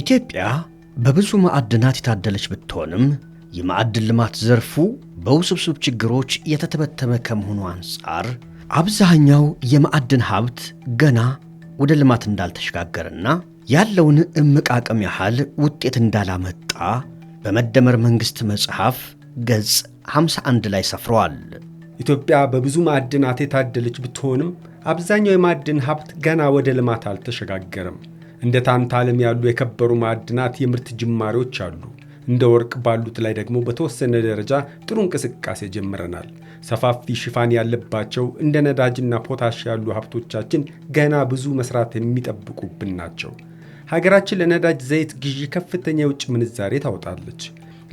ኢትዮጵያ በብዙ ማዕድናት የታደለች ብትሆንም የማዕድን ልማት ዘርፉ በውስብስብ ችግሮች የተተበተበ ከመሆኑ አንጻር አብዛኛው የማዕድን ሀብት ገና ወደ ልማት እንዳልተሸጋገረና ያለውን እምቅ አቅም ያህል ውጤት እንዳላመጣ በመደመር መንግሥት መጽሐፍ ገጽ 51 ላይ ሰፍረዋል። ኢትዮጵያ በብዙ ማዕድናት የታደለች ብትሆንም አብዛኛው የማዕድን ሀብት ገና ወደ ልማት አልተሸጋገረም። እንደ ታንታለም ያሉ የከበሩ ማዕድናት የምርት ጅማሬዎች አሉ። እንደ ወርቅ ባሉት ላይ ደግሞ በተወሰነ ደረጃ ጥሩ እንቅስቃሴ ጀምረናል። ሰፋፊ ሽፋን ያለባቸው እንደ ነዳጅና ፖታሽ ያሉ ሀብቶቻችን ገና ብዙ መስራት የሚጠብቁብን ናቸው። ሀገራችን ለነዳጅ ዘይት ግዢ ከፍተኛ የውጭ ምንዛሬ ታወጣለች።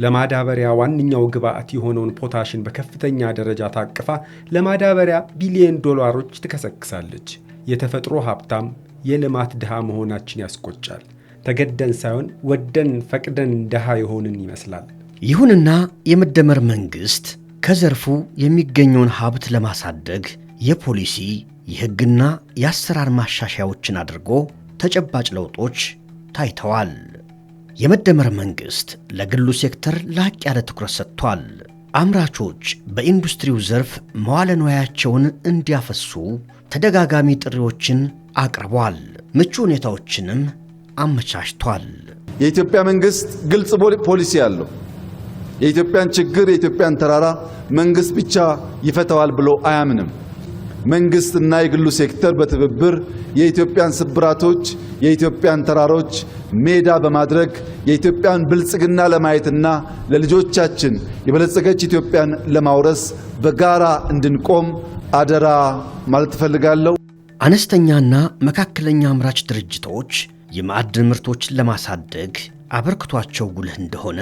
ለማዳበሪያ ዋነኛው ግብዓት የሆነውን ፖታሽን በከፍተኛ ደረጃ ታቅፋ ለማዳበሪያ ቢሊዮን ዶላሮች ትከሰክሳለች። የተፈጥሮ ሀብታም የልማት ድሃ መሆናችን ያስቆጫል። ተገደን ሳይሆን ወደን ፈቅደን ድሃ የሆንን ይመስላል። ይሁንና የመደመር መንግሥት ከዘርፉ የሚገኘውን ሀብት ለማሳደግ የፖሊሲ የሕግና የአሰራር ማሻሻያዎችን አድርጎ ተጨባጭ ለውጦች ታይተዋል። የመደመር መንግሥት ለግሉ ሴክተር ላቅ ያለ ትኩረት ሰጥቷል። አምራቾች በኢንዱስትሪው ዘርፍ መዋለ ንዋያቸውን እንዲያፈሱ ተደጋጋሚ ጥሪዎችን አቅርቧል። ምቹ ሁኔታዎችንም አመቻችቷል። የኢትዮጵያ መንግስት ግልጽ ፖሊሲ አለው። የኢትዮጵያን ችግር የኢትዮጵያን ተራራ መንግስት ብቻ ይፈተዋል ብሎ አያምንም። መንግስት እና የግሉ ሴክተር በትብብር የኢትዮጵያን ስብራቶች፣ የኢትዮጵያን ተራሮች ሜዳ በማድረግ የኢትዮጵያን ብልጽግና ለማየትና ለልጆቻችን የበለጸገች ኢትዮጵያን ለማውረስ በጋራ እንድንቆም አደራ ማለት እፈልጋለሁ። አነስተኛና መካከለኛ አምራች ድርጅቶች የማዕድን ምርቶችን ለማሳደግ አበርክቷቸው ጉልህ እንደሆነ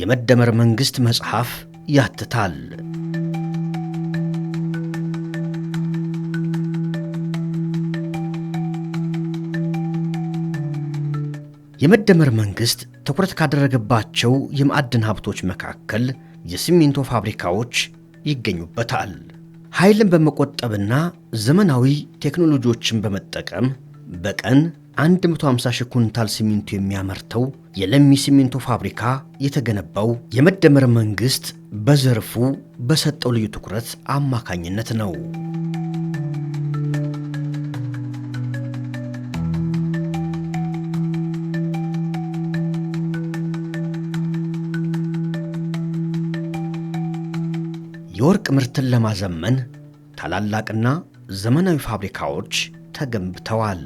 የመደመር መንግሥት መጽሐፍ ያትታል። የመደመር መንግሥት ትኩረት ካደረገባቸው የማዕድን ሀብቶች መካከል የሲሚንቶ ፋብሪካዎች ይገኙበታል። ኃይልን በመቆጠብና ዘመናዊ ቴክኖሎጂዎችን በመጠቀም በቀን 150 ሺህ ኩንታል ሲሚንቶ የሚያመርተው የለሚ ሲሚንቶ ፋብሪካ የተገነባው የመደመር መንግሥት በዘርፉ በሰጠው ልዩ ትኩረት አማካኝነት ነው። የወርቅ ምርትን ለማዘመን ታላላቅና ዘመናዊ ፋብሪካዎች ተገንብተዋል።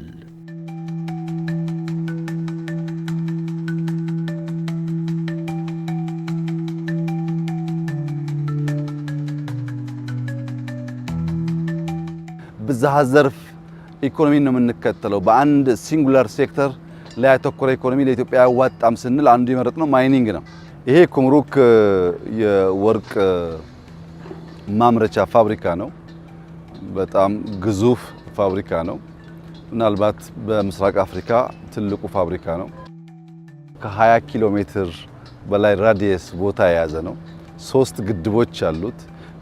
ብዝሃ ዘርፍ ኢኮኖሚ ነው የምንከተለው። በአንድ ሲንጉላር ሴክተር ላይ ያተኮረ ኢኮኖሚ ለኢትዮጵያ ያዋጣም ስንል አንዱ የመረጥ ነው ማይኒንግ ነው። ይሄ ኩምሩክ የወርቅ ማምረቻ ፋብሪካ ነው። በጣም ግዙፍ ፋብሪካ ነው። ምናልባት በምስራቅ አፍሪካ ትልቁ ፋብሪካ ነው። ከ20 ኪሎ ሜትር በላይ ራዲየስ ቦታ የያዘ ነው። ሶስት ግድቦች አሉት።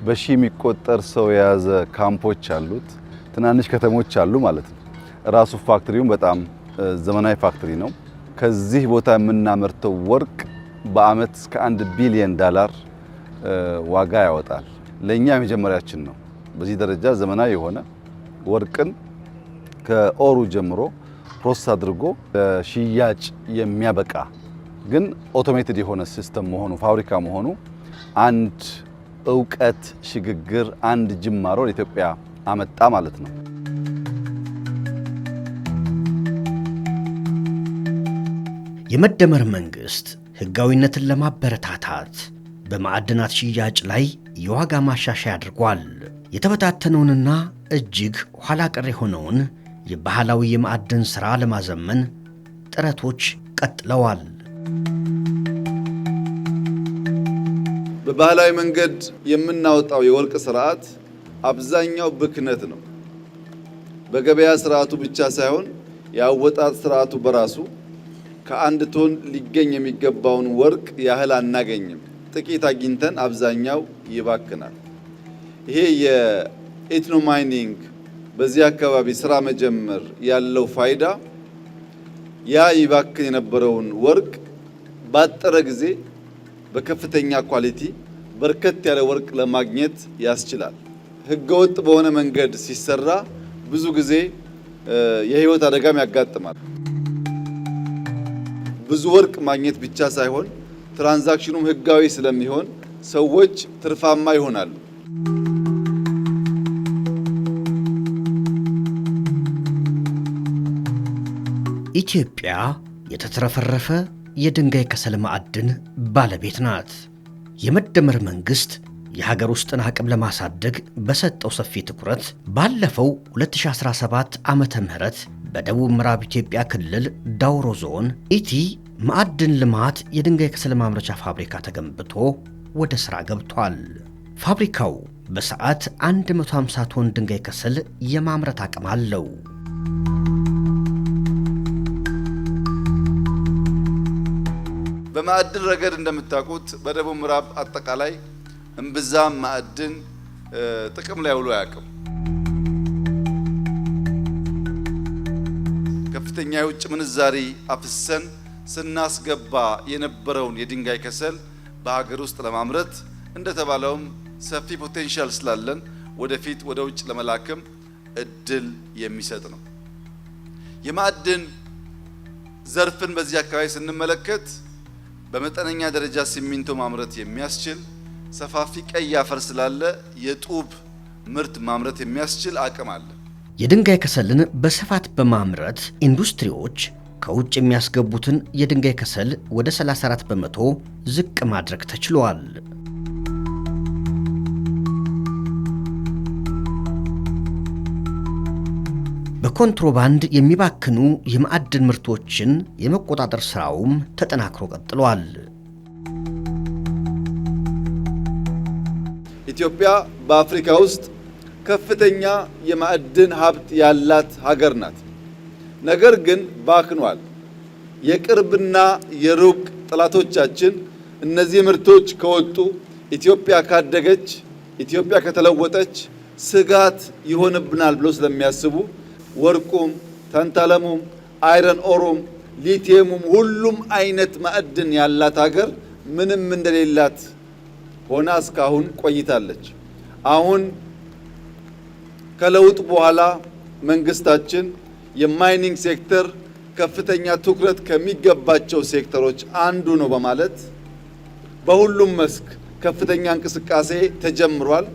በሺ የሚቆጠር ሰው የያዘ ካምፖች አሉት። ትናንሽ ከተሞች አሉ ማለት ነው። ራሱ ፋክትሪውም በጣም ዘመናዊ ፋክትሪ ነው። ከዚህ ቦታ የምናመርተው ወርቅ በአመት እስከ አንድ ቢሊየን ዳላር ዋጋ ያወጣል። ለእኛ የመጀመሪያችን ነው። በዚህ ደረጃ ዘመናዊ የሆነ ወርቅን ከኦሩ ጀምሮ ፕሮሰስ አድርጎ ለሽያጭ የሚያበቃ ግን ኦቶሜትድ የሆነ ሲስተም መሆኑ ፋብሪካ መሆኑ አንድ እውቀት ሽግግር፣ አንድ ጅማሮ ለኢትዮጵያ አመጣ ማለት ነው። የመደመር መንግስት ህጋዊነትን ለማበረታታት በማዕድናት ሽያጭ ላይ የዋጋ ማሻሻያ አድርጓል። የተበታተነውንና እጅግ ኋላ ቀር የሆነውን የባህላዊ የማዕድን ሥራ ለማዘመን ጥረቶች ቀጥለዋል። በባህላዊ መንገድ የምናወጣው የወርቅ ስርዓት አብዛኛው ብክነት ነው። በገበያ ስርዓቱ ብቻ ሳይሆን የአወጣት ስርዓቱ በራሱ ከአንድ ቶን ሊገኝ የሚገባውን ወርቅ ያህል አናገኝም። ጥቂት አግኝተን አብዛኛው ይባክናል። ይሄ የኤትኖ ማይኒንግ በዚህ አካባቢ ስራ መጀመር ያለው ፋይዳ ያ ይባክን የነበረውን ወርቅ ባጠረ ጊዜ በከፍተኛ ኳሊቲ በርከት ያለ ወርቅ ለማግኘት ያስችላል። ህገወጥ በሆነ መንገድ ሲሰራ ብዙ ጊዜ የህይወት አደጋም ያጋጥማል። ብዙ ወርቅ ማግኘት ብቻ ሳይሆን ትራንዛክሽኑም ህጋዊ ስለሚሆን ሰዎች ትርፋማ ይሆናሉ። ኢትዮጵያ የተትረፈረፈ የድንጋይ ከሰል ማዕድን ባለቤት ናት። የመደመር መንግሥት የሀገር ውስጥን አቅም ለማሳደግ በሰጠው ሰፊ ትኩረት ባለፈው 2017 ዓመተ ምህረት በደቡብ ምዕራብ ኢትዮጵያ ክልል ዳውሮ ዞን ኢቲ ማዕድን ልማት የድንጋይ ከሰል ማምረቻ ፋብሪካ ተገንብቶ ወደ ሥራ ገብቷል። ፋብሪካው በሰዓት 150 ቶን ድንጋይ ከሰል የማምረት አቅም አለው። በማዕድን ረገድ እንደምታውቁት በደቡብ ምዕራብ አጠቃላይ እምብዛም ማዕድን ጥቅም ላይ ውሎ አያውቅም። ከፍተኛ የውጭ ምንዛሪ አፍሰን ስናስገባ የነበረውን የድንጋይ ከሰል በሀገር ውስጥ ለማምረት እንደተባለውም ሰፊ ፖቴንሻል ስላለን ወደፊት ወደ ውጭ ለመላክም እድል የሚሰጥ ነው። የማዕድን ዘርፍን በዚህ አካባቢ ስንመለከት በመጠነኛ ደረጃ ሲሚንቶ ማምረት የሚያስችል ሰፋፊ ቀይ አፈር ስላለ የጡብ ምርት ማምረት የሚያስችል አቅም አለ። የድንጋይ ከሰልን በስፋት በማምረት ኢንዱስትሪዎች ከውጭ የሚያስገቡትን የድንጋይ ከሰል ወደ 34 በመቶ ዝቅ ማድረግ ተችሏል። በኮንትሮባንድ የሚባክኑ የማዕድን ምርቶችን የመቆጣጠር ሥራውም ተጠናክሮ ቀጥሏል። ኢትዮጵያ በአፍሪካ ውስጥ ከፍተኛ የማዕድን ሀብት ያላት ሀገር ናት። ነገር ግን ባክኗል። የቅርብና የሩቅ ጠላቶቻችን እነዚህ ምርቶች ከወጡ ኢትዮጵያ ካደገች፣ ኢትዮጵያ ከተለወጠች ስጋት ይሆንብናል ብሎ ስለሚያስቡ ወርቁም፣ ተንታለሙም፣ አይረን ኦሩም፣ ሊቲየሙም ሁሉም አይነት ማዕድን ያላት ሀገር ምንም እንደሌላት ሆና እስካሁን ቆይታለች። አሁን ከለውጥ በኋላ መንግስታችን የማይኒንግ ሴክተር ከፍተኛ ትኩረት ከሚገባቸው ሴክተሮች አንዱ ነው በማለት በሁሉም መስክ ከፍተኛ እንቅስቃሴ ተጀምሯል።